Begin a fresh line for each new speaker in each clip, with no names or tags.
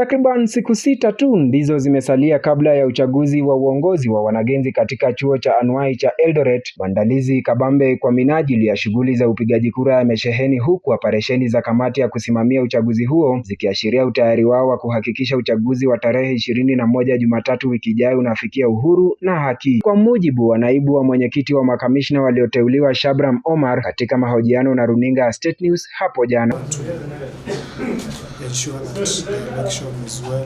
Takriban siku sita tu ndizo zimesalia kabla ya uchaguzi wa uongozi wa wanagenzi katika chuo cha anuai cha Eldoret. Maandalizi kabambe kwa minajili ya shughuli za upigaji kura yamesheheni, huku operesheni za kamati ya kusimamia uchaguzi huo zikiashiria utayari wao wa kuhakikisha uchaguzi wa tarehe ishirini na moja Jumatatu wiki ijayo unafikia uhuru na haki. Kwa mujibu wa naibu wa mwenyekiti wa makamishna walioteuliwa Shabram Omar katika mahojiano na runinga ya State News hapo jana ensure that the election is well,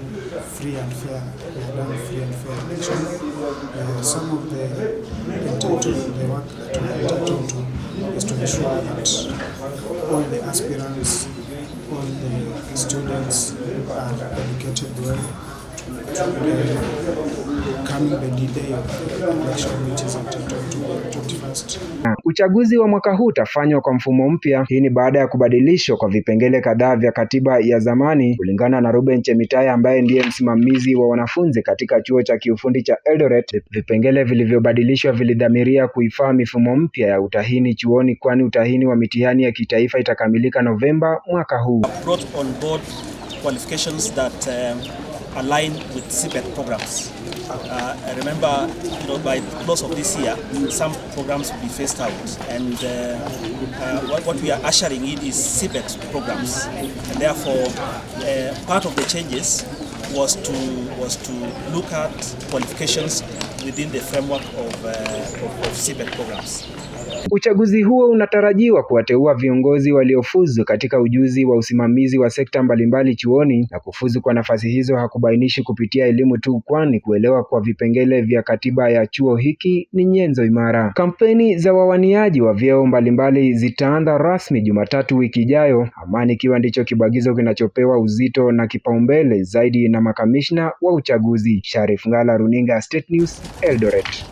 free and fair. We have done free and fair election. Uh, some of the entitlement, the work that we have to do is to ensure that all the aspirants, all the students are educated well. Coming the delay of the election, which is until 21st Uchaguzi wa mwaka huu utafanywa kwa mfumo mpya. Hii ni baada ya kubadilishwa kwa vipengele kadhaa vya katiba ya zamani. Kulingana na Ruben Chemitaya ambaye ndiye msimamizi wa wanafunzi katika chuo cha kiufundi cha Eldoret, vipengele vilivyobadilishwa vilidhamiria kuifaa mifumo mpya ya utahini chuoni, kwani utahini wa mitihani ya kitaifa itakamilika Novemba mwaka huu.
aligned with CPET programs. Uh, remember, you know, by the close of this year, some programs will be phased out, and uh, uh, what, what, we are ushering in is CPET programs, and therefore uh, part of the changes was to was to look at qualifications within the framework of, uh, of, of CBET programs.
Uchaguzi huo unatarajiwa kuwateua viongozi waliofuzu katika ujuzi wa usimamizi wa sekta mbalimbali chuoni, na kufuzu kwa nafasi hizo hakubainishi kupitia elimu tu, kwani kuelewa kwa vipengele vya katiba ya chuo hiki ni nyenzo imara. Kampeni za wawaniaji wa vyeo mbalimbali zitaanza rasmi Jumatatu wiki ijayo, amani ikiwa ndicho kibagizo kinachopewa uzito na kipaumbele zaidi na makamishna wa uchaguzi. Sharif Ngala, Runinga State News. Eldoret.